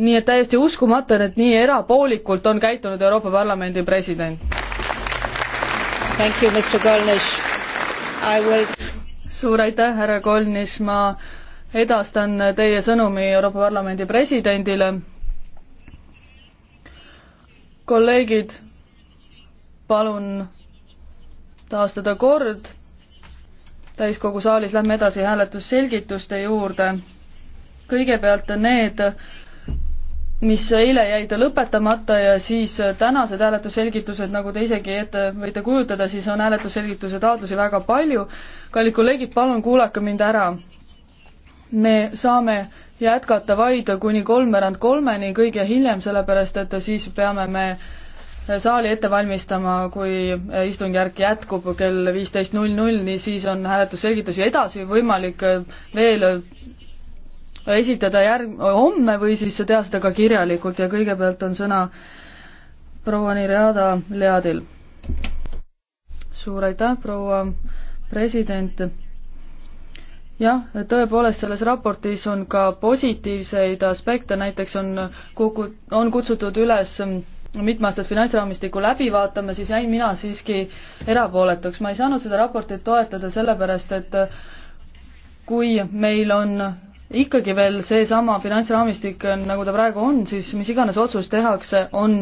nii et täiesti uskumatu, et nii erapoolikult on käitunud Euroopa Parlamendi president. Will... suur aitäh, härra Kolnis, ma edastan teie sõnumi Euroopa Parlamendi presidendile. kolleegid, palun taastada kord. täiskogu saalis lähme edasi hääletusselgituste juurde. kõigepealt need mis eile jäid lõpetamata ja siis tänased hääletusselgitused, nagu te isegi ette võite kujutada, siis on hääletusselgituse taotlusi väga palju. kallid kolleegid, palun kuulake mind ära. me saame jätkata vaid kuni kolmveerand kolmeni, kõige hiljem, sellepärast et siis peame me saali ette valmistama, kui istungjärk jätkub kell viisteist null null, nii siis on hääletusselgitusi edasi võimalik veel esitada järg-, homme või siis teha seda ka kirjalikult ja kõigepealt on sõna proua Nirjada Leadil. suur aitäh, proua president! jah, tõepoolest, selles raportis on ka positiivseid aspekte, näiteks on kuku-, on kutsutud üles mitmeaastast finantsraamistikku läbi vaatama, siis jäin mina siiski erapooletuks. ma ei saanud seda raportit toetada sellepärast, et kui meil on ikkagi veel seesama finantsraamistik, nagu ta praegu on, siis mis iganes otsus tehakse, on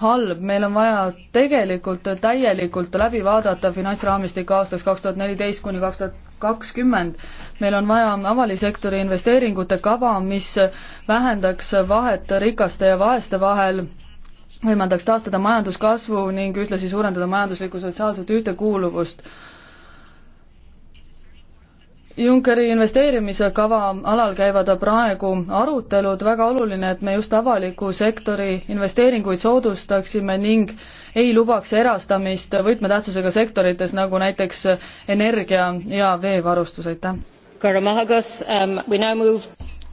halb, meil on vaja tegelikult täielikult läbi vaadata finantsraamistik aastaks kaks tuhat neliteist kuni kaks tuhat kakskümmend. meil on vaja avalisektori investeeringute kava, mis vähendaks vahet rikaste ja vaeste vahel, võimaldaks taastada majanduskasvu ning ühtlasi suurendada majanduslikku sotsiaalset ühtekuuluvust Junckeri investeerimise kava alal käivad praegu arutelud, väga oluline, et me just avaliku sektori investeeringuid soodustaksime ning ei lubaks erastamist võtmetähtsusega sektorites, nagu näiteks energia ja veevarustus, aitäh! Um,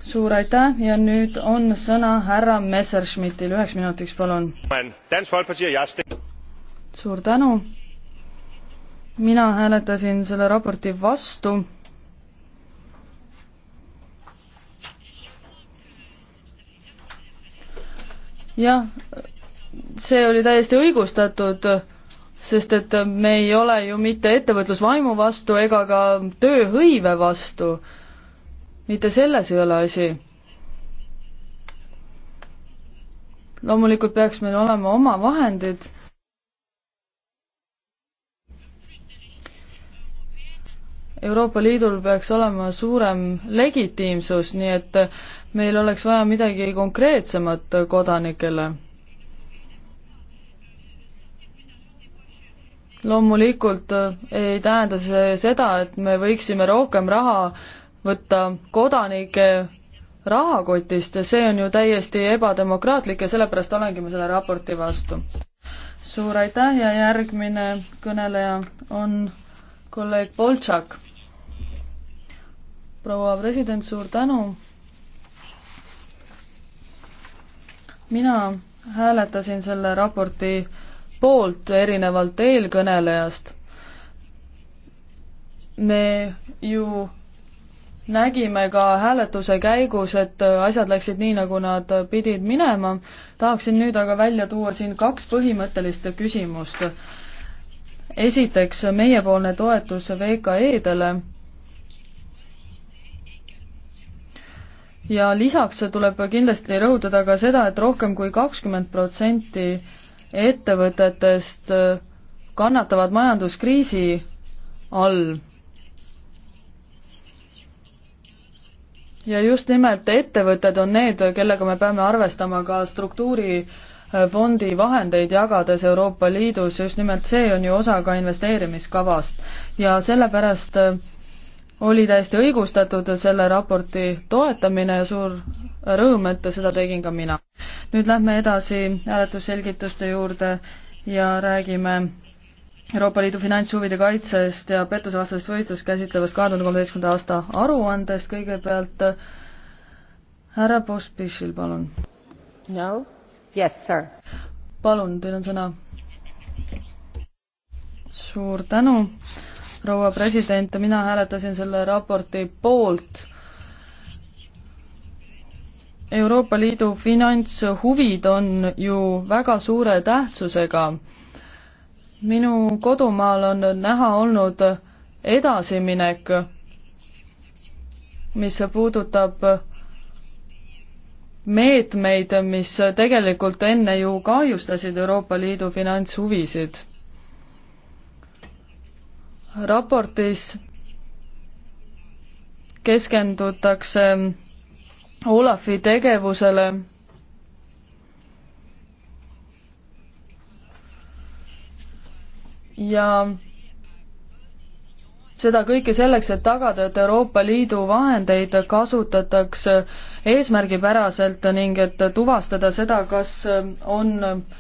suur aitäh ja nüüd on sõna härra Messerschmittil, üheks minutiks palun. suur tänu, mina hääletasin selle raporti vastu jah, see oli täiesti õigustatud, sest et me ei ole ju mitte ettevõtlusvaimu vastu ega ka tööhõive vastu. mitte selles ei ole asi. loomulikult peaks meil olema oma vahendid Euroopa Liidul peaks olema suurem legitiimsus, nii et meil oleks vaja midagi konkreetsemat kodanikele. loomulikult äh, ei tähenda see seda, et me võiksime rohkem raha võtta kodanike rahakotist ja see on ju täiesti ebademokraatlik ja sellepärast olengi ma selle raporti vastu. suur aitäh ja järgmine kõneleja on kolleeg Boltšak. proua president, suur tänu mina hääletasin selle raporti poolt erinevalt eelkõnelejast. me ju nägime ka hääletuse käigus, et asjad läksid nii, nagu nad pidid minema. tahaksin nüüd aga välja tuua siin kaks põhimõttelist küsimust. esiteks, meiepoolne toetus VKE-dele ja lisaks tuleb kindlasti rõhutada ka seda, et rohkem kui kakskümmend protsenti ettevõtetest kannatavad majanduskriisi all. ja just nimelt ettevõtted on need, kellega me peame arvestama ka struktuurifondi vahendeid jagades Euroopa Liidus, just nimelt see on ju osa ka investeerimiskavast ja sellepärast äh, oli täiesti õigustatud selle raporti toetamine ja suur rõõm, et seda tegin ka mina. nüüd lähme edasi hääletusselgituste juurde ja räägime Euroopa Liidu finantshuvide kaitsest ja pettusevastast võistlust käsitlevast kahe tuhande kolmeteistkümnenda aasta aruandest, kõigepealt härra Pospišil, palun. no, yes, sir. palun, teil on sõna. suur tänu proua president, mina hääletasin selle raporti poolt. Euroopa Liidu finantshuvid on ju väga suure tähtsusega. minu kodumaal on näha olnud edasiminek, mis puudutab meetmeid, mis tegelikult enne ju kahjustasid Euroopa Liidu finantshuvisid raportis keskendutakse Olafi tegevusele ja seda kõike selleks, et tagada, et Euroopa Liidu vahendeid kasutatakse eesmärgipäraselt ning et tuvastada seda, kas on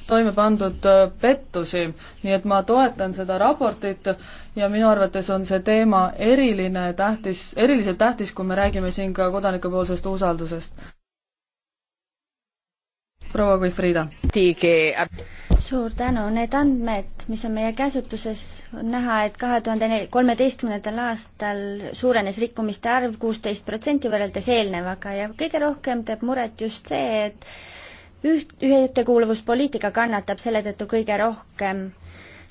toime pandud pettusi. nii et ma toetan seda raportit ja minu arvates on see teema eriline tähtis, eriliselt tähtis, kui me räägime siin ka kodanikupoolsest usaldusest. proua Guifrida suur tänu, need andmed, mis on meie käsutuses, on näha, et kahe tuhande kolmeteistkümnendal aastal suurenes rikkumiste arv kuusteist protsenti võrreldes eelnevaga ja kõige rohkem teeb muret just see, et üht, ühtekuuluvuspoliitika kannatab selle tõttu kõige rohkem.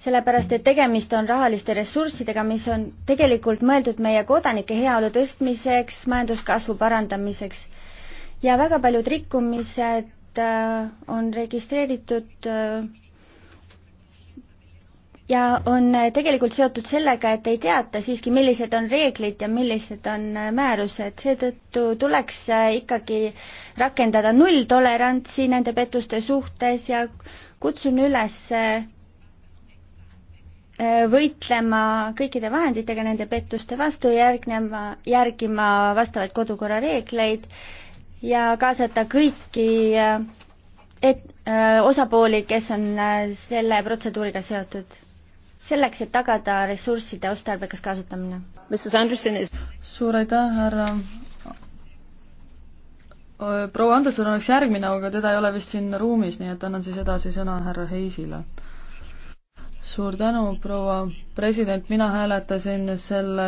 sellepärast, et tegemist on rahaliste ressurssidega, mis on tegelikult mõeldud meie kodanike heaolu tõstmiseks, majanduskasvu parandamiseks. ja väga paljud rikkumised äh, on registreeritud äh, ja on äh, tegelikult seotud sellega, et ei teata siiski, millised on reeglid ja millised on äh, määrused, seetõttu tuleks äh, ikkagi rakendada nulltolerantsi nende pettuste suhtes ja kutsun üles võitlema kõikide vahenditega nende pettuste vastu, järgnema, järgima vastavaid kodukorra reegleid ja kaasata kõiki et, öö, osapooli, kes on selle protseduuriga seotud selleks, et tagada ressursside otstarbekas kasutamine. Is... suur aitäh, härra proua Anderson oleks järgmine, aga teda ei ole vist siin ruumis, nii et annan siis edasi sõna härra Heisile. suur tänu, proua president, mina hääletasin selle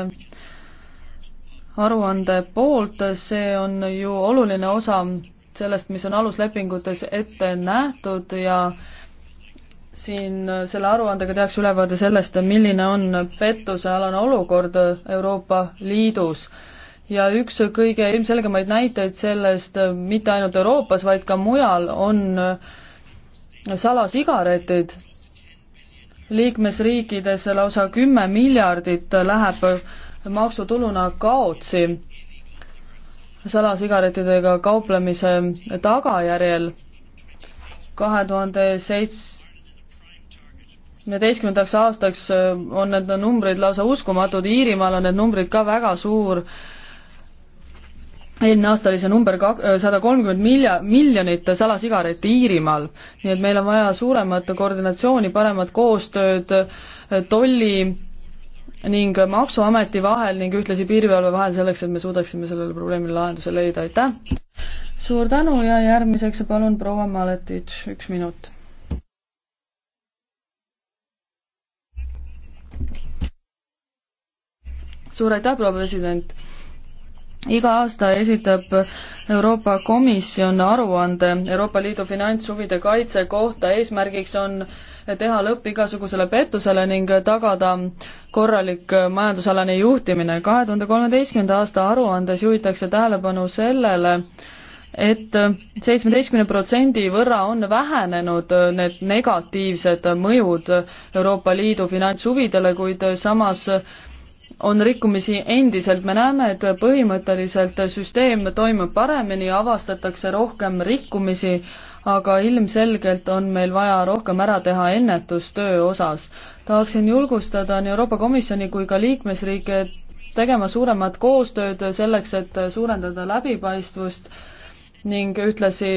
aruande poolt, see on ju oluline osa sellest, mis on aluslepingutes ette nähtud ja äh, siin äh, selle aruandega tehakse ülevaade sellest, milline on pettusealane olukord äh, Euroopa Liidus. ja üks kõige ilmselgemaid näiteid sellest, äh, mitte ainult Euroopas, vaid ka mujal, on salasigaretid. liikmesriikides lausa kümme miljardit läheb maksutuluna kaotsi salasigaretidega kauplemise tagajärjel. kahe tuhande seits-, neljateistkümnendaks aastaks äh, on need numbrid lausa uskumatud, Iirimaal on need numbrid ka väga suur, eelmine aasta oli see number kak-, äh, sada kolmkümmend milja-, miljonit salasigareti Iirimaal. nii et meil on vaja suuremat koordinatsiooni, paremat koostööd äh, tolli ning Maksuameti vahel ning ühtlasi piirivalve vahel selleks, et me suudaksime sellele probleemile lahenduse leida, aitäh! suur tänu ja järgmiseks palun proua Maletitš, üks minut suur aitäh, proua president! iga aasta esitab Euroopa Komisjon aruande Euroopa Liidu finantshuvide kaitse kohta, eesmärgiks on teha lõpp igasugusele pettusele ning tagada korralik majandusalane juhtimine. kahe tuhande kolmeteistkümnenda aasta aruandes juhitakse tähelepanu sellele, et seitsmeteistkümne protsendi võrra on vähenenud need negatiivsed mõjud Euroopa Liidu finantshuvidele, kuid samas on rikkumisi endiselt, me näeme, et põhimõtteliselt süsteem toimub paremini, avastatakse rohkem rikkumisi, aga ilmselgelt on meil vaja rohkem ära teha ennetustöö osas. tahaksin julgustada nii Euroopa Komisjoni kui ka liikmesriike tegema suuremat koostööd selleks, et suurendada läbipaistvust ning ühtlasi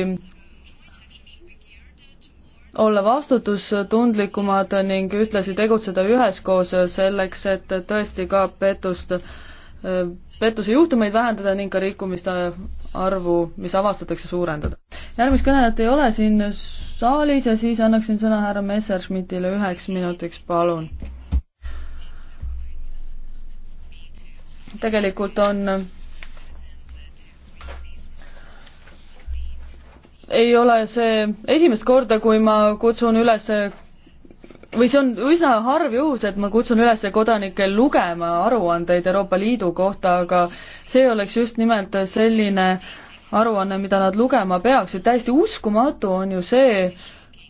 olla vastutustundlikumad ning ühtlasi tegutseda üheskoos selleks, et tõesti ka pettust, pettuse juhtumeid vähendada ning ka rikkumiste arvu, mis avastatakse, suurendada. järgmist kõnelejat ei ole siin saalis ja siis annaksin sõna härra Messerschmittile üheks minutiks, palun. tegelikult on ei ole see esimest korda, kui ma kutsun üles või see on üsna harv juhus, et ma kutsun üles kodanikel lugema aruandeid Euroopa Liidu kohta, aga see oleks just nimelt selline aruanne, mida nad lugema peaksid, täiesti uskumatu on ju see,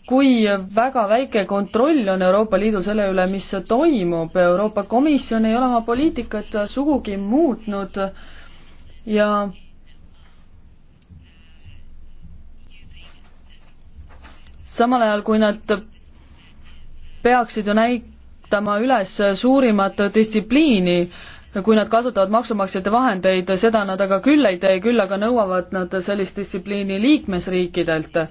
kui väga väike kontroll on Euroopa Liidul selle üle, mis toimub, Euroopa Komisjon ei ole oma poliitikat sugugi muutnud ja samal ajal kui nad peaksid ju näitama üles suurimat distsipliini, kui nad kasutavad maksumaksjate vahendeid, seda nad aga küll ei tee, küll aga nõuavad nad sellist distsipliini liikmesriikidelt.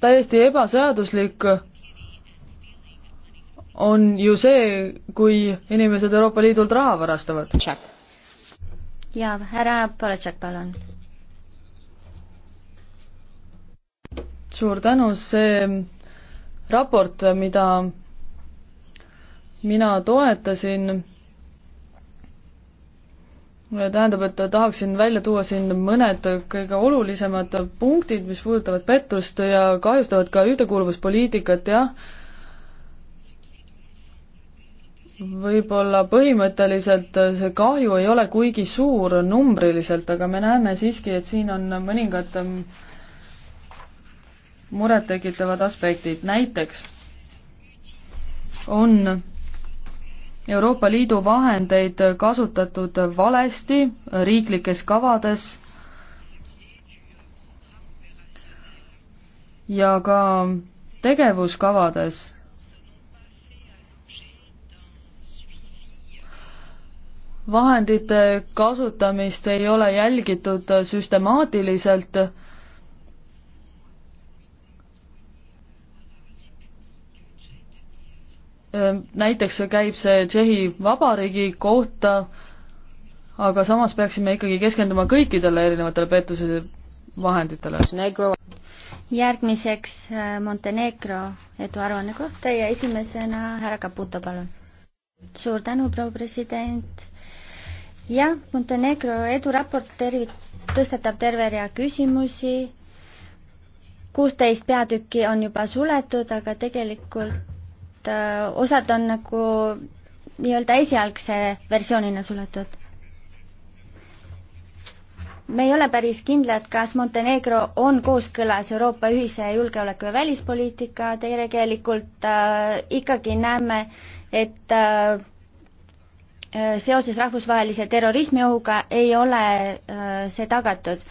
täiesti ebaseaduslik on ju see, kui inimesed Euroopa Liidult raha varastavad. ja härra Poletšak, palun suur tänu, see raport, mida mina toetasin, tähendab, et tahaksin välja tuua siin mõned kõige olulisemad punktid, mis puudutavad pettust ja kahjustavad ka ühtekuuluvuspoliitikat, jah. võib-olla põhimõtteliselt see kahju ei ole kuigi suur numbriliselt, aga me näeme siiski, et siin on mõningad murettekitavad aspektid, näiteks on Euroopa Liidu vahendeid kasutatud valesti riiklikes kavades ja ka tegevuskavades vahendite kasutamist ei ole jälgitud süstemaatiliselt Ehm, näiteks käib see Tšehhi Vabariigi kohta, aga samas peaksime ikkagi keskenduma kõikidele erinevatele pettuse vahenditele. järgmiseks äh, Montenegro eduaruanne kohta ja esimesena härra Caputo, palun. suur tänu, proua president. jah, Montenegro eduraport tervit-, tõstatab terve rea küsimusi, kuusteist peatükki on juba suletud, aga tegelikult et äh, osad on nagu nii-öelda esialgse versioonina suletud. me ei ole päris kindlad, kas Montenegro on kooskõlas Euroopa ühise julgeoleku ja välispoliitika, tegelikult äh, ikkagi näeme, et äh, äh seoses rahvusvahelise terrorismiohuga ei ole äh, see tagatud.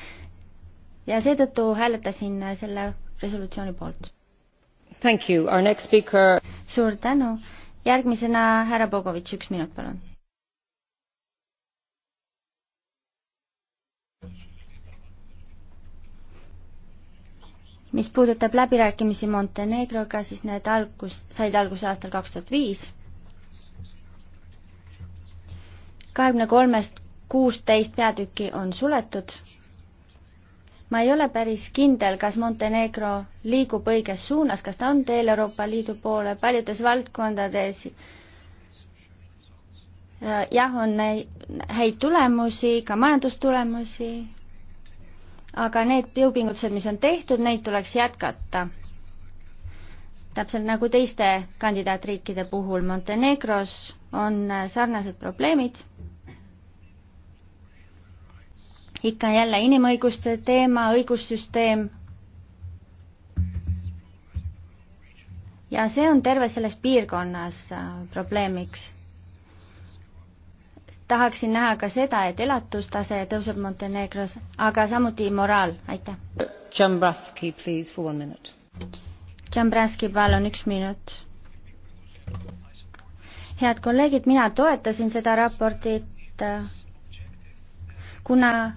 ja seetõttu hääletasin äh, selle resolutsiooni poolt Speaker... suur tänu. järgmisena härra Bogovitš, üks minut, palun. mis puudutab läbirääkimisi Montenegroga, siis need algus, said alguse aastal kaks tuhat viis. kahekümne kolmest kuusteist peatükki on suletud ma ei ole päris kindel, kas Montenegro liigub õiges suunas, kas ta on teel Euroopa Liidu poole paljudes valdkondades. jah, on häid tulemusi, ka majandustulemusi, aga need jõupingutused, mis on tehtud, neid tuleks jätkata. täpselt nagu teiste kandidaatriikide puhul Montenegros on äh, sarnased probleemid ikka jälle inimõiguste teema, õigussüsteem. ja see on terve selles piirkonnas äh, probleemiks. tahaksin näha ka seda, et elatustase tõuseb Montenegros, aga samuti moraal, aitäh. Džambraski, please, for one minute. Džambraski, palun, üks minut. head kolleegid, mina toetasin seda raportit, äh, kuna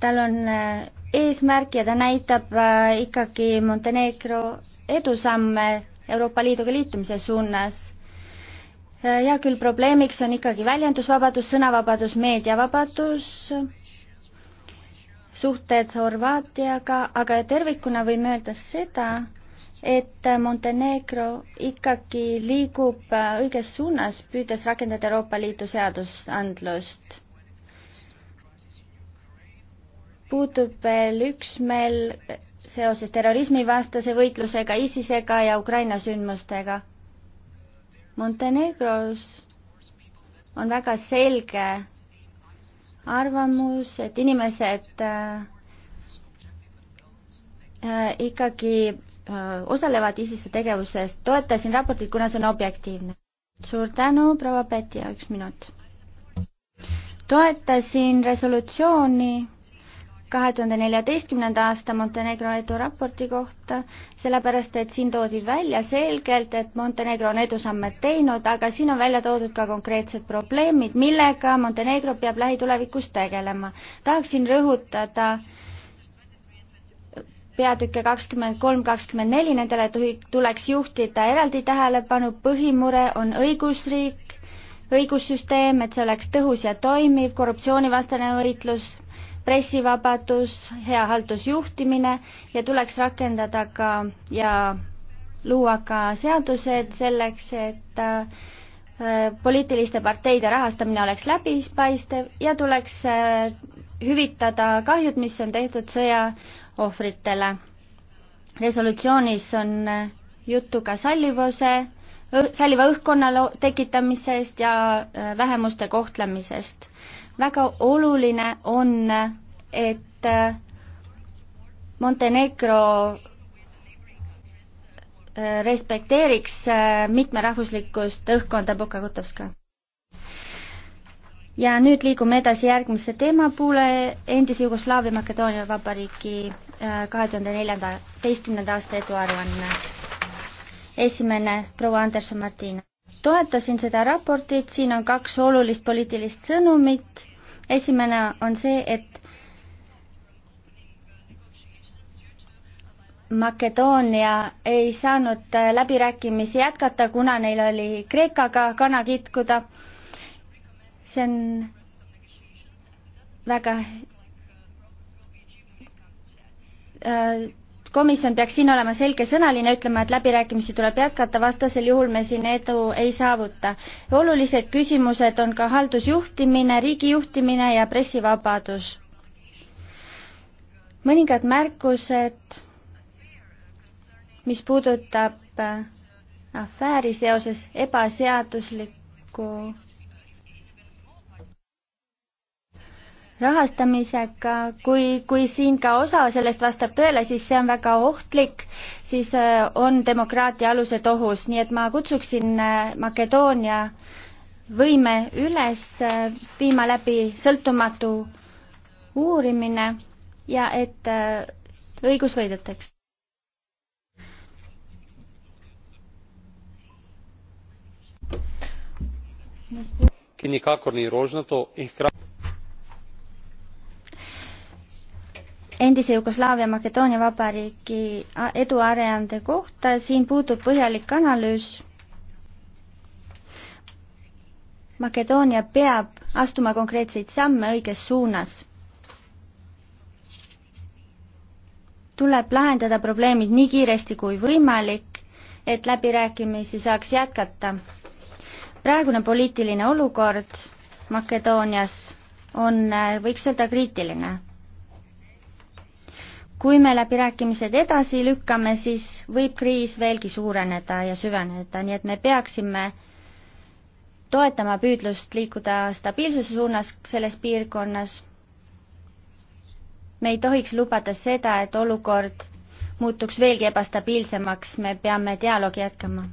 tal on äh, eesmärk ja ta näitab äh, ikkagi Montenegro edusamme Euroopa Liiduga liitumise suunas. Äh, hea küll, probleemiks on ikkagi väljendusvabadus, sõnavabadus, meediavabadus, suhted Horvaatiaga, aga tervikuna võime öelda seda, et Montenegro ikkagi liigub õiges suunas, püüdes rakendada Euroopa Liidu seadusandlust puudub veel üksmeel seoses terrorismivastase võitlusega, ISISega ja Ukraina sündmustega. Montenegros on väga selge arvamus, et inimesed äh, äh ikkagi äh, osalevad ISISe tegevuses. toetasin raportit, kuna see on objektiivne. suur tänu, proua Petja, üks minut. toetasin resolutsiooni kahe tuhande neljateistkümnenda aasta Montenegro edu raporti kohta, sellepärast et siin toodi välja selgelt, et Montenegro on edusamme teinud, aga siin on välja toodud ka konkreetsed probleemid, millega Montenegro peab lähitulevikus tegelema. tahaksin rõhutada peatükke kakskümmend kolm, kakskümmend neli, nendele tuleks juhtida eraldi tähelepanu, põhimure on õigusriik, õigussüsteem, et see oleks tõhus ja toimiv, korruptsioonivastane võitlus pressivabadus, hea haldusjuhtimine ja tuleks rakendada ka ja luua ka seadused selleks, et äh, poliitiliste parteide rahastamine oleks läbipaistev ja tuleks äh, hüvitada kahjud, mis on tehtud sõja ohvritele. resolutsioonis on äh, juttu ka sallivuse, salliva õhkkonna tekitamisest ja äh, vähemuste kohtlemisest väga oluline on, et Montenegro äh, respekteeriks äh, mitmerahvuslikkust õhkkonda Bokakotovska. ja nüüd liigume edasi järgmise teema poole, endise Jugoslaavia Makedoonia Vabariigi äh, kahe tuhande neljanda, teistkümnenda aasta eduaruanne. esimene, proua Anderson Martin toetasin seda raportit, siin on kaks olulist poliitilist sõnumit. esimene on see, et Makedoonia ei saanud läbirääkimisi jätkata, kuna neil oli Kreekaga kana kitkuda. see on väga äh, komisjon peaks siin olema selgesõnaline, ütlema, et läbirääkimisi tuleb jätkata, vastasel juhul me siin edu ei saavuta. olulised küsimused on ka haldusjuhtimine, riigijuhtimine ja pressivabadus. mõningad märkused, mis puudutab äh, afääri seoses ebaseadusliku rahastamisega, kui, kui siin ka osa sellest vastab tõele, siis see on väga ohtlik, siis äh, on demokraatia alused ohus, nii et ma kutsuksin äh, Makedoonia võime üles äh, viima läbi sõltumatu uurimine ja et õigus võidetaks. ki nikakor ni rožnato in hkrati endise Jugoslaavia Makedoonia Vabariigi eduarendajate kohta, siin puudub põhjalik analüüs. Makedoonia peab astuma konkreetseid samme õiges suunas. tuleb lahendada probleemid nii kiiresti kui võimalik, et läbirääkimisi saaks jätkata. praegune poliitiline olukord Makedoonias on, äh, võiks öelda, kriitiline kui me läbirääkimised edasi lükkame, siis võib kriis veelgi suureneda ja süveneda, nii et me peaksime toetama püüdlust liikuda stabiilsuse suunas selles piirkonnas. me ei tohiks lubada seda, et olukord muutuks veelgi ebastabiilsemaks, me peame dialoogi jätkama.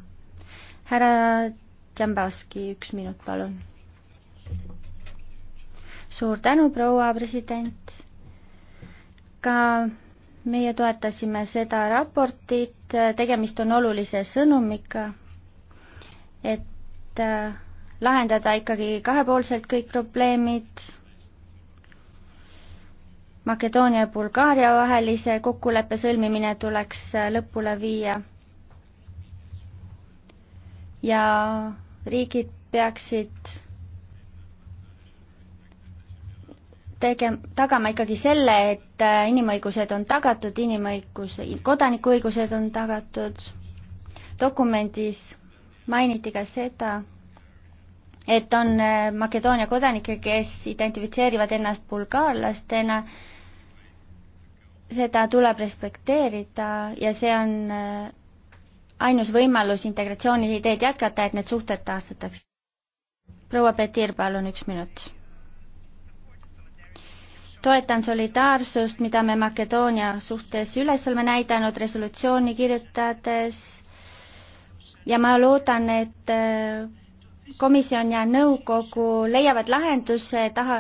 härra Džambavski, üks minut, palun. suur tänu, proua president. ka meie toetasime seda raportit, tegemist on olulise sõnumiga, et äh, lahendada ikkagi kahepoolselt kõik probleemid Makedoonia ja Bulgaaria vahelise kokkuleppe sõlmimine tuleks äh, lõpule viia. ja riigid peaksid tege-, tagama ikkagi selle, et äh, inimõigused on tagatud, inimõiguse, kodanikuõigused on tagatud. dokumendis mainiti ka seda, et on äh, Makedoonia kodanikke, kes identifitseerivad ennast bulgaarlastena, seda tuleb respekteerida ja see on äh, ainus võimalus integratsiooni ideed jätkata, et need suhted taastataks. proua Petir, palun üks minut toetan solidaarsust, mida me Makedoonia suhtes üles oleme näidanud resolutsiooni kirjutades ja ma loodan, et komisjon ja nõukogu leiavad lahenduse taha,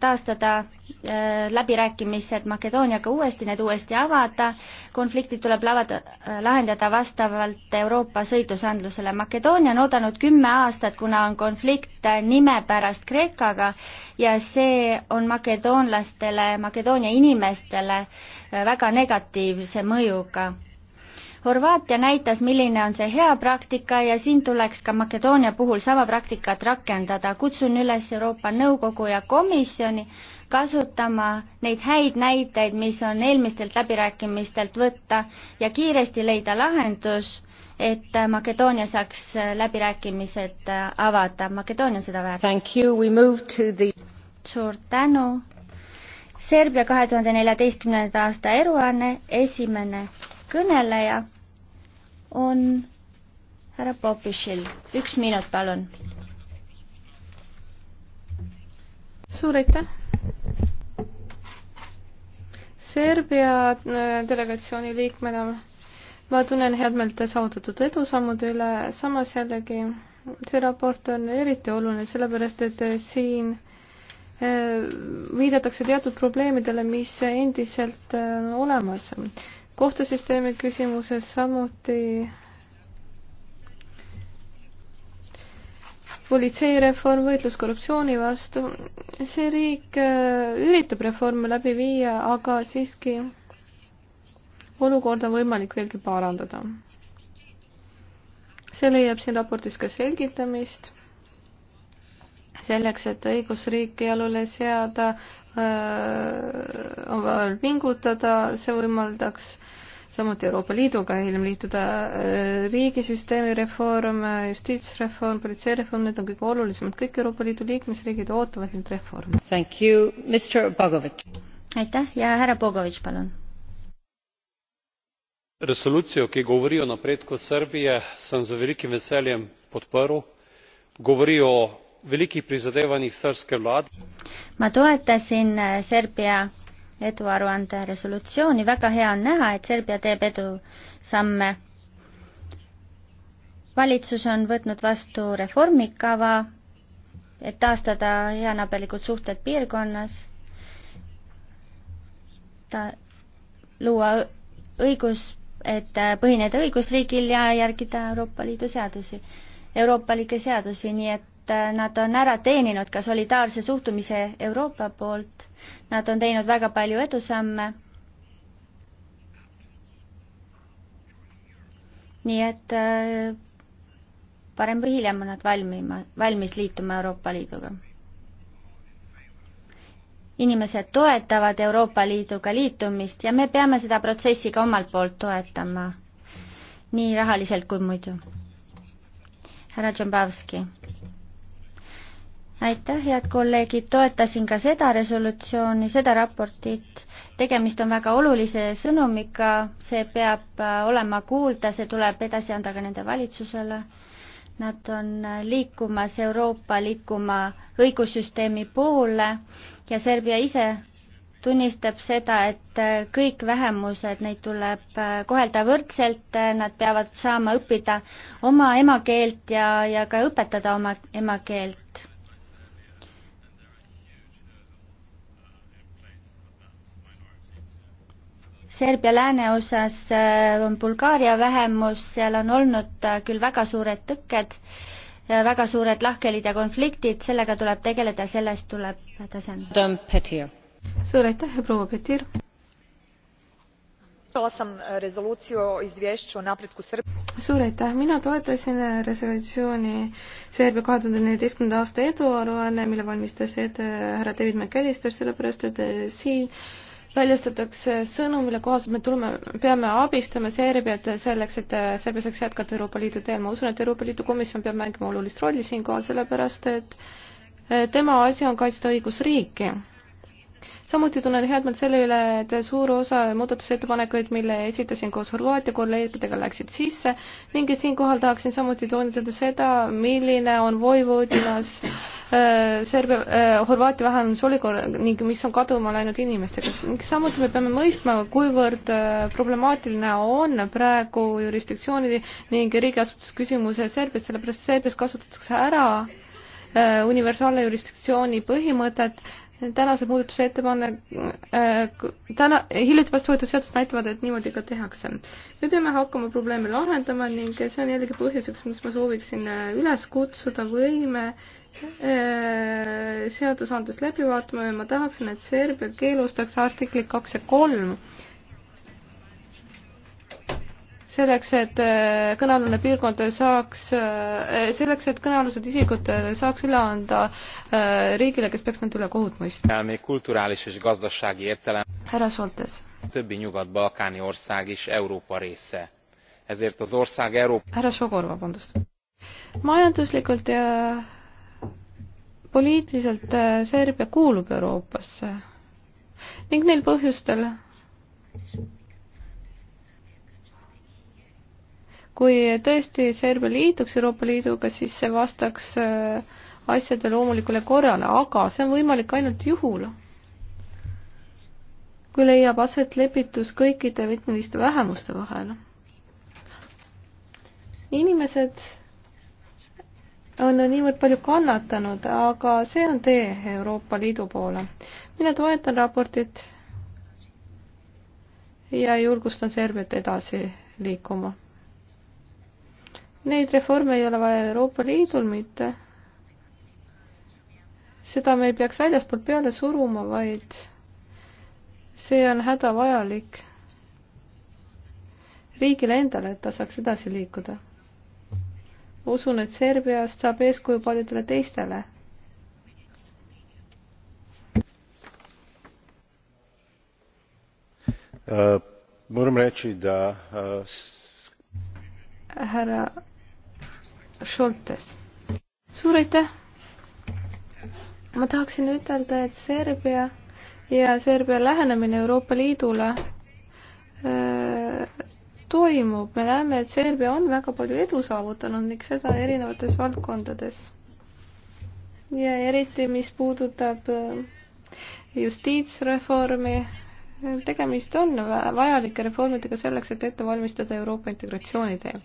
taastada äh, läbirääkimised Makedooniaga uuesti, need uuesti avada, konfliktid tuleb lavada, äh, lahendada vastavalt Euroopa sõidusandlusele. Makedoonia on oodanud kümme aastat, kuna on konflikt äh, nime pärast Kreekaga ja see on makedoonlastele, Makedoonia inimestele väga negatiivse mõjuga Horvaatia näitas, milline on see hea praktika ja siin tuleks ka Makedoonia puhul sama praktikat rakendada. kutsun üles Euroopa Nõukogu ja komisjoni kasutama neid häid näiteid, mis on eelmistelt läbirääkimistelt võtta ja kiiresti leida lahendus, et Makedoonia saaks läbirääkimised avada. Makedoonia seda väärt. The... suur tänu. Serbia kahe tuhande neljateistkümnenda aasta eruanne, esimene kõneleja on härra Popišil. üks minut, palun. suur aitäh. Serbia äh, delegatsiooni liikmena ma tunnen head meelt saavutatud edusammude üle, samas jällegi see raport on eriti oluline, sellepärast et äh, siin äh, viidatakse teatud probleemidele, mis endiselt on olemas kohtusüsteemi küsimuses, samuti politseireform, võitlus korruptsiooni vastu. see riik äh, üritab reforme läbi viia, aga siiski olukorda on võimalik veelgi parandada. see leiab siin raportis ka selgitamist selleks, et õigusriiki jalule seada, äh, omavahel pingutada, see võimaldaks samuti Euroopa Liiduga hiljem liituda äh, riigisüsteemi reform, justiitsreform, politseireform, need on kõige olulisemad, kõik Euroopa Liidu liikmesriigid ootavad neid reforme. aitäh ja härra Bogovič, palun resolucijo ki govori o napredku srbije sem z velikim veseljem podprl govori o velikih prizadevanjih srpske vlade. ma toetasin eh, Serbia eduaruande resolutsiooni, väga hea on näha, et Serbia teeb edusamme. valitsus on võtnud vastu reformikava, et taastada heanabelikud suhted piirkonnas, ta luua õigus et eh, põhineda õigusriigil ja järgida Euroopa Liidu seadusi, euroopalikke seadusi, nii et et äh, nad on ära teeninud ka solidaarse suhtumise Euroopa poolt. Nad on teinud väga palju edusamme. nii et varem äh, või hiljem on nad valmima, valmis liituma Euroopa Liiduga. inimesed toetavad Euroopa Liiduga liitumist ja me peame seda protsessi ka omalt poolt toetama, nii rahaliselt kui muidu. härra Džambavski aitäh, head kolleegid, toetasin ka seda resolutsiooni, seda raportit. tegemist on väga olulise sõnumiga, see peab äh, olema kuulda, see tuleb edasi anda ka nende valitsusele. Nad on äh, liikumas Euroopa, liikuma õigussüsteemi poole ja Serbia ise tunnistab seda, et äh, kõik vähemused, neid tuleb kohelda võrdselt, nad peavad saama õppida oma emakeelt ja, ja ka õpetada oma emakeelt. Serbia lääneosas äh, on Bulgaaria vähemus, seal on olnud äh, küll väga suured tõkked, äh, väga suured lahkhelid ja konfliktid, sellega tuleb tegeleda, sellest tuleb tasandada. suur aitäh ja proua Petir! suur aitäh, mina toetasin resolutsiooni Serbia kahe tuhande neljateistkümnenda aasta eduaruanne, mille valmistas ette härra David McAllister, sellepärast et siin väljastatakse sõnum, mille kohaselt me tuleme, peame abistama Serbiat selleks, et Serbia saaks jätkata Euroopa Liidu teel. ma usun, et Euroopa Liidu komisjon peab mängima olulist rolli siinkohal, sellepärast et tema asi on kaitsta õigusriiki samuti tunnen head meelt selle üle, et suur osa muudatusettepanekuid, mille esitasin koos Horvaatia kolleegidega, läksid sisse ning siinkohal tahaksin samuti toonitada seda, milline on Vojvodinas äh, Serbia äh,, Horvaatia vähemuse olukord ning mis on kaduma läinud inimestega. samuti me peame mõistma, kuivõrd äh, problemaatiline on praegu jurisdiktsiooni ning riigiasutuse küsimuse Serbias, sellepärast Serbias kasutatakse ära äh, universaalne jurisdiktsiooni põhimõtet tänased muudatusettepanek äh,, täna, hiljuti vastu võetud seadused näitavad, et niimoodi ka tehakse. me peame hakkama probleeme lahendama ning see on jällegi põhjuseks, miks ma sooviksin äh, üles kutsuda võime äh, seadusandlust läbi vaatama ja ma tahaksin, et Serbia keelustaks artiklid kaks ja kolm selleks, et äh, kõnealune piirkond saaks, äh, selleks, et kõnealused isikud äh, saaks üle anda riigile, kes peaks nad üle kohut mõistma. härra Soltes. többi nyugat-balkáni ország is Euroopa része. Ezért az ország Euroopa härra Sogor, vabandust. majanduslikult ja poliitiliselt Serbia kuulub Euroopasse ning neil põhjustel kui tõesti Serbia liituks Euroopa Liiduga, siis see vastaks äh, asjade loomulikule korrale, aga see on võimalik ainult juhul, kui leiab aset lepitus kõikide etniliste vähemuste vahel. inimesed on niivõrd palju kannatanud, aga see on tee Euroopa Liidu poole. mina toetan raportit ja julgustan Serbiat edasi liikuma. Neid reforme ei ole vaja Euroopa Liidul mitte. seda me ei peaks väljaspoolt peale suruma, vaid see on hädavajalik riigile endale, et ta saaks edasi liikuda. usun, et Serbiast saab eeskuju paljudele teistele. Uh, äh, moram reći da uh, äh, härra Šoltes. suur aitäh! ma tahaksin ütelda, et Serbia ja Serbia lähenemine Euroopa Liidule öö, toimub, me näeme, et Serbia on väga palju edu saavutanud ning seda erinevates valdkondades. ja eriti, mis puudutab justiitsreformi, tegemist on vajalike reformidega selleks, et ette valmistada Euroopa integratsiooni tee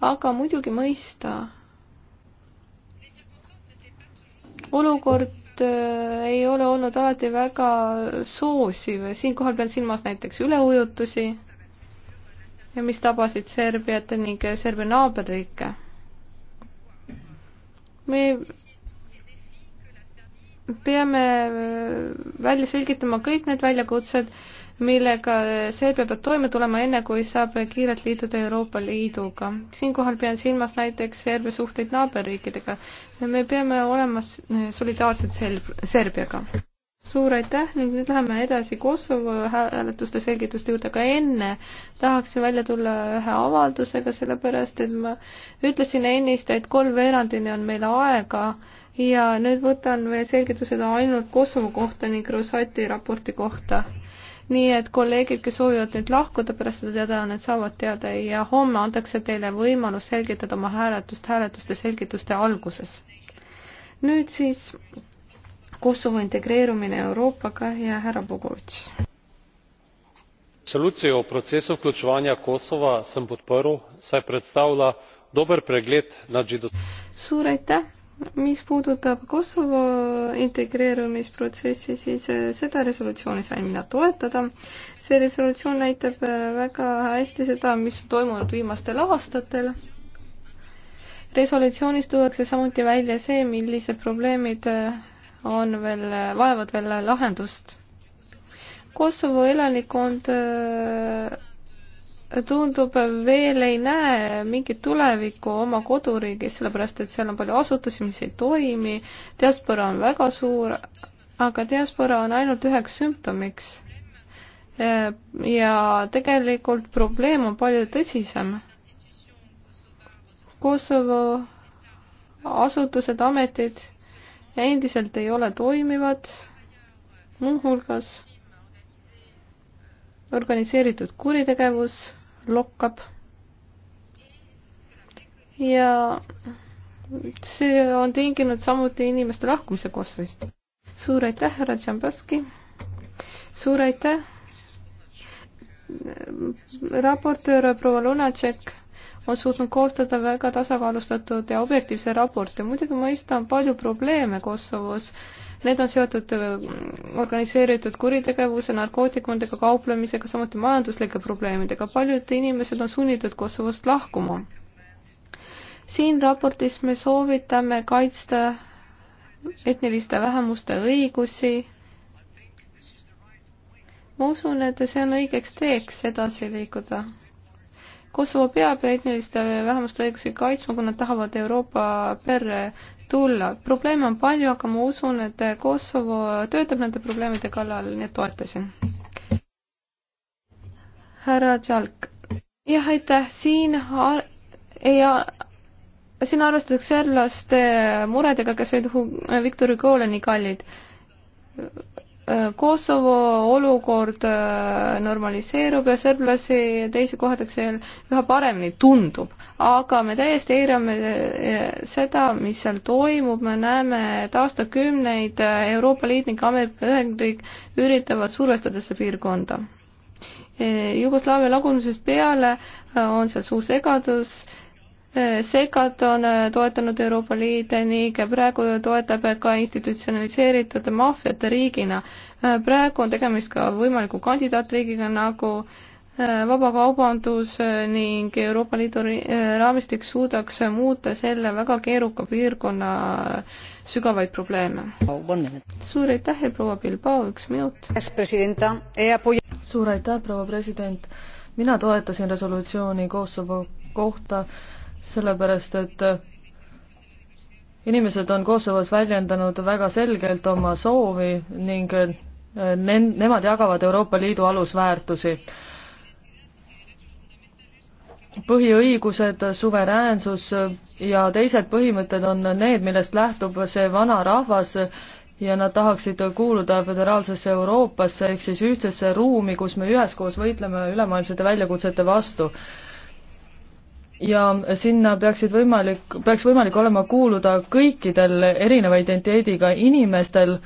aga muidugi mõista. olukord äh, ei ole olnud alati väga soosiv, siinkohal pean silmas näiteks üleujutusi, mis tabasid Serbiat ning Serbia naaberriike. me peame äh, välja selgitama kõik need väljakutsed, millega Serbia peab toime tulema, enne kui saab kiirelt liituda Euroopa Liiduga. siinkohal pean silmas näiteks Serbia suhteid naaberriikidega. me peame olema solidaarsed Selb-, Serbiaga. suur aitäh ning nüüd läheme edasi Kosovo hääletuste selgituste juurde, aga enne tahaksin välja tulla ühe avaldusega, sellepärast et ma ütlesin ennist, et kolmveerandini on meil aega ja nüüd võtan veel selgitused ainult Kosovo kohta ning Rosati raporti kohta nii et kolleegid, kes soovivad nüüd lahkuda pärast seda teadaannet, saavad teada ja homme antakse teile võimalus selgitada oma hääletust hääletuste selgituste alguses. nüüd siis Kosovo integreerumine Euroopaga ja härra Bogovitš. Resolucijo o procesu vključevanja Kosova sem podprl, saj predstavlja dober pregled nad žido-. suur aitäh mis puudutab Kosovo integreerumisprotsessi, siis äh, seda resolutsiooni sain mina toetada. see resolutsioon näitab äh, väga hästi seda, mis on toimunud viimastel aastatel. resolutsioonis tuuakse samuti välja see, millised probleemid äh, on veel, vajavad veel lahendust. Kosovo elanikkond tundub, veel ei näe mingit tulevikku oma koduriigis, sellepärast et seal on palju asutusi, mis ei toimi, diaspora on väga suur, aga diaspora on ainult üheks sümptomiks. ja tegelikult probleem on palju tõsisem. Kosovo asutused, ametid endiselt ei ole toimivad, muuhulgas organiseeritud kuritegevus lokkab. ja see on tinginud samuti inimeste lahkumise Kosovost. suur aitäh, härra Džambaski. suur aitäh. raportöör proua Lunatšek on suutnud koostada väga tasakaalustatud ja objektiivse raporti. muidugi mõista on palju probleeme Kosovos äh, Need on seotud äh, organiseeritud kuritegevuse, narkootikumidega kauplemisega, samuti majanduslike probleemidega. paljud inimesed on sunnitud Kosovost lahkuma. siin raportis me soovitame kaitsta etniliste vähemuste õigusi. ma usun, et see on õigeks teeks edasi liikuda Kosovo peab etniliste vähemuste õigusi kaitsma, kui nad tahavad Euroopa perre tulla. probleeme on palju, aga ma usun, et Kosovo töötab nende probleemide kallal, nii et toetasin. härra Tšalk. jah, aitäh, siin ar-, ei siin arvestatakse serlaste muredega, kes olid Viktor Hugole nii kallid Kosovo olukord äh, normaliseerub ja serblasi teisi koheldakse üha paremini, tundub. aga me täiesti eirame äh, seda, mis seal toimub, me näeme, et aastakümneid äh, Euroopa Liit ning Ameerika Ühendriik üritavad survestada seda piirkonda. Jugoslaavia lagunemisest peale on seal suur segadus SEGAT on äh, toetanud Euroopa Liit ning praegu toetab ka institutsionaliseeritud maffiate riigina. Äh, praegu on tegemist ka võimaliku kandidaatriigiga nagu äh, vabakaubandus ning Euroopa Liidu raamistik suudaks muuta selle väga keeruka piirkonna sügavaid probleeme. suur aitäh ja proua Bilbao, üks minut. suur aitäh, proua president. mina toetasin resolutsiooni Kosovo kohta sellepärast et inimesed on Kosovos väljendanud väga selgelt oma soovi ning ne-, nemad jagavad Euroopa Liidu alusväärtusi. põhiõigused, suveräänsus ja teised põhimõtted on need, millest lähtub see vana rahvas ja nad tahaksid kuuluda föderaalsesse Euroopasse ehk siis ühtsesse ruumi, kus me üheskoos võitleme ülemaailmsete väljakutsete vastu ja sinna peaksid võimalik, peaks võimalik olema kuuluda kõikidel erineva identiteediga inimestel,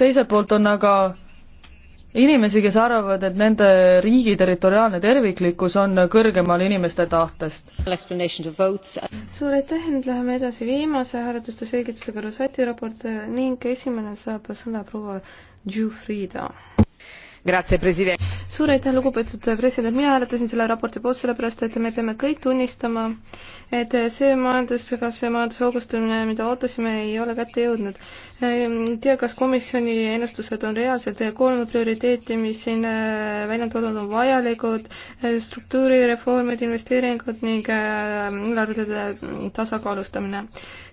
teiselt poolt on aga inimesi, kes arvavad, et nende riigi territoriaalne terviklikkus on kõrgemal inimeste tahtest. suur aitäh, nüüd läheme edasi viimase hääletuste selgitusega Rosati raport ning esimene saab sõna proua Jufrida suur aitäh, lugupeetud president, mina hääletasin selle raporti poolt sellepärast, et me peame kõik tunnistama, et see majanduskasv ja majanduse hoogustumine, mida ootasime, ei ole kätte jõudnud. Ehm, tea, kas komisjoni ennustused on reaalsed, kolm prioriteeti, mis siin äh, välja on toodud, on vajalikud, ehm, struktuurireformid, investeeringud ning äh, eelarvete äh, tasakaalustamine.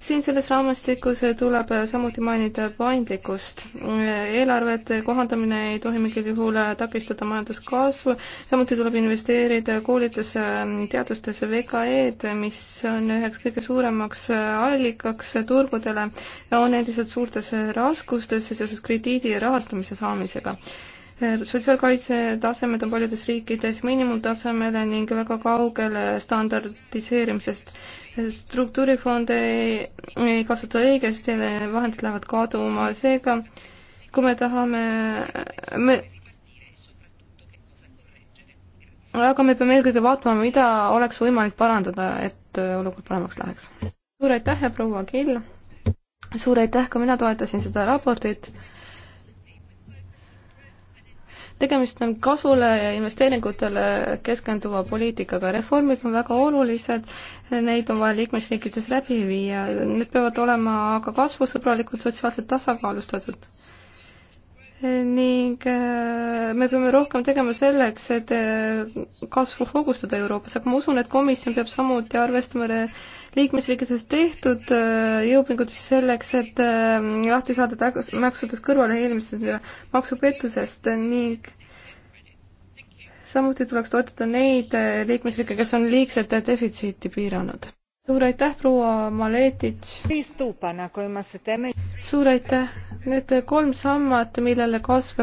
siin selles raamistikus tuleb samuti mainida paindlikkust. Ehm, eelarvete kohandamine ei tohi mingil juhul juhul takistada majanduskasvu, samuti tuleb investeerida koolidesse, teadustesse, VKE-d, mis on üheks kõige suuremaks allikaks turgudele, on endiselt suurtes raskustes seoses krediidi ja rahastamise saamisega sotsiaalkaitsetasemed on paljudes riikides miinimumtasemele ning väga kaugele standardiseerimisest. struktuurifonde ei, ei kasuta õigesti, vahendid lähevad kaduma, seega kui me tahame, me aga me peame eelkõige vaatama, mida oleks võimalik parandada, et äh, olukord paremaks läheks. suur aitäh ja proua Kill! suur aitäh, ka mina toetasin seda raportit. tegemist on kasule ja investeeringutele keskenduva poliitikaga, reformid on väga olulised, neid on vaja liikmesriikides läbi viia, need peavad olema aga kasvusõbralikult sotsiaalselt tasakaalustatud ning äh, me peame rohkem tegema selleks, et äh, kasvu hoogustada Euroopas, aga ma usun, et komisjon peab samuti arvestama liikmesriikides tehtud äh, jõupingutusi selleks, et lahti saada maksudest kõrvale eelmisest maksupettusest ning samuti tuleks toetada neid liikmesriike, kes on liigset defitsiiti piiranud suur aitäh, proua Maletitš! suur aitäh! Need kolm sammat, millele kasv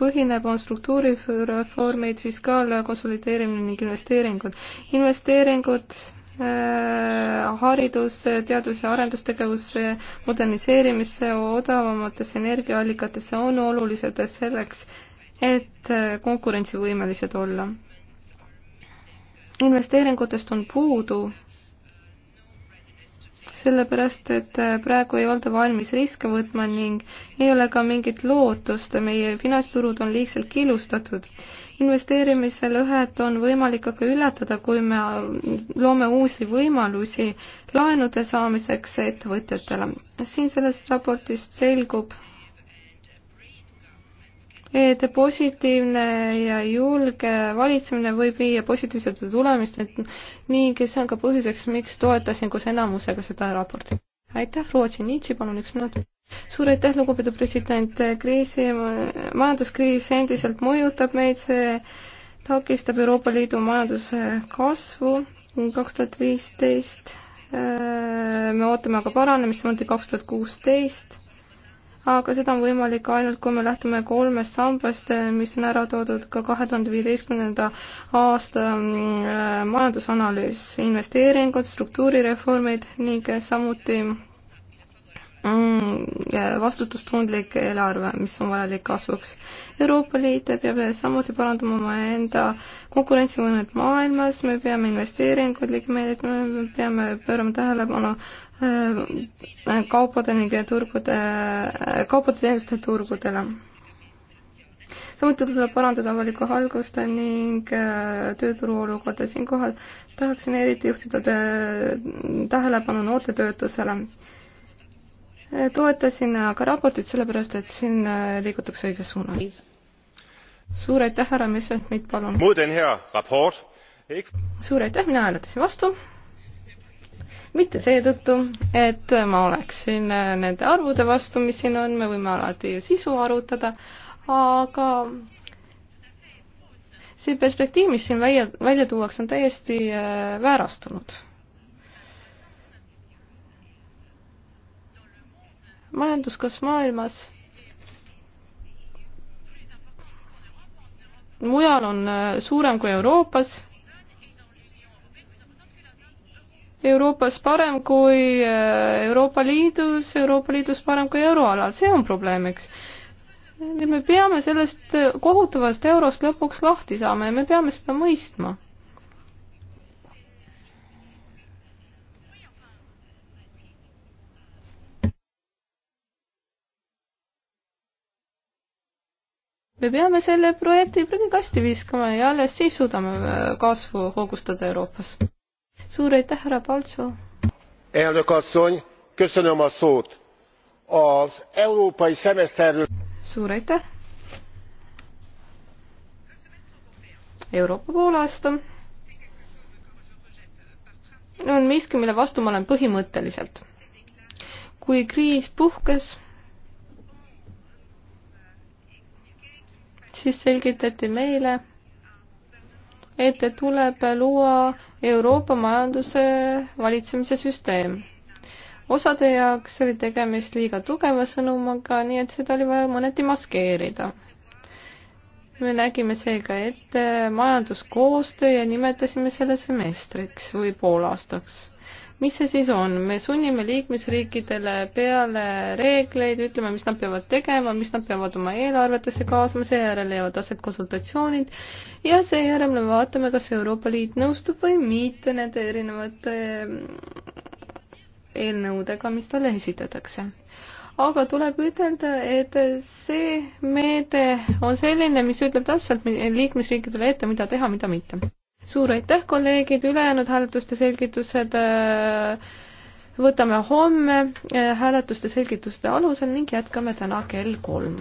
põhineb, on struktuurireformid, fiskaalne konsolideerimine ning investeeringud. investeeringud äh, haridusse, teadus- ja arendustegevusse, moderniseerimisse, odavamatesse energiaallikatesse on olulised selleks, et konkurentsivõimelised olla. investeeringutest on puudu sellepärast et äh, praegu ei olda valmis riske võtma ning ei ole ka mingit lootust, meie finantsturud on liigselt killustatud. investeerimise lõhet on võimalik aga ületada, kui me äh, loome uusi võimalusi laenude saamiseks ettevõtjatele. siin sellest raportist selgub, et positiivne ja julge valitsemine võib viia positiivsete tulemisteni ning see on ka põhjuseks, miks toetasin koos enamusega seda raportit. aitäh, Rootsi Nietzsche, palun üks minut. suur aitäh, lugupeetud president, kriisi, majanduskriis endiselt mõjutab meid, see takistab Euroopa Liidu majanduse kasvu kaks tuhat viisteist, äh, me ootame aga paranemist, samuti kaks tuhat kuusteist aga seda on võimalik ainult, kui me lähtume kolmest sambast, mis on ära toodud ka kahe tuhande viieteistkümnenda aasta mm, majandusanalüüs, investeeringud, struktuurireformid ning samuti mm, vastutustundlik eelarve, mis on vajalik kasvuks. Euroopa Liit peab samuti parandama omaenda konkurentsivõimet maailmas, me peame investeeringuid ligi meeldima, me peame pöörama tähelepanu Äh, kaupade ning turgude, äh, kaupade teenuste turgudele. samuti tuleb parandada avalikku haldust ning äh, tööturu olukorda. siinkohal tahaksin eriti juhtida tähelepanu noorte töötusele. toetasin ka raportit, sellepärast et siin liigutakse õiges suunas. suur aitäh, härra Messerschmidt, palun! suur aitäh, mina hääletasin vastu mitte seetõttu, et ma oleksin nende arvude vastu, mis siin on, me võime alati ju sisu arutada, aga see perspektiiv, mis siin välja, välja tuuakse, on täiesti äh, väärastunud. majanduskasv maailmas mujal on äh, suurem kui Euroopas Euroopas parem kui äh, Euroopa Liidus, Euroopa Liidus parem kui euroalal, see on probleemiks. nii me peame sellest äh, kohutavast eurost lõpuks lahti saama ja me peame seda mõistma. me peame selle projekti prügikasti viskama ja alles siis suudame äh, kasvu hoogustada Euroopas suur aitäh, härra Paltsu! elnök asszony, köszönöm a szót! az európai szemeszterről. suur aitäh! Euroopa poolaasta on miski, mille vastu ma olen põhimõtteliselt. kui kriis puhkes, siis selgitati meile, et tuleb luua Euroopa majanduse valitsemise süsteem. osade jaoks oli tegemist liiga tugeva sõnumiga, nii et seda oli vaja mõneti maskeerida. me nägime seega ette majanduskoostöö ja nimetasime selle semestriks või poolaastaks mis see siis on, me sunnime liikmesriikidele peale reegleid, ütleme, mis nad peavad tegema, mis nad peavad oma eelarvetesse kaasama, seejärel jäävad aset konsultatsioonid ja seejärel me vaatame, kas Euroopa Liit nõustub või mitte nende erinevate eh, eelnõudega, mis talle esitatakse. aga tuleb ütelda, et see meede on selline, mis ütleb täpselt liikmesriikidele ette, mida teha, mida mitte suur aitäh, kolleegid, ülejäänud hääletuste selgitused äh, võtame homme äh, hääletuste selgituste alusel ning jätkame täna kell kolm.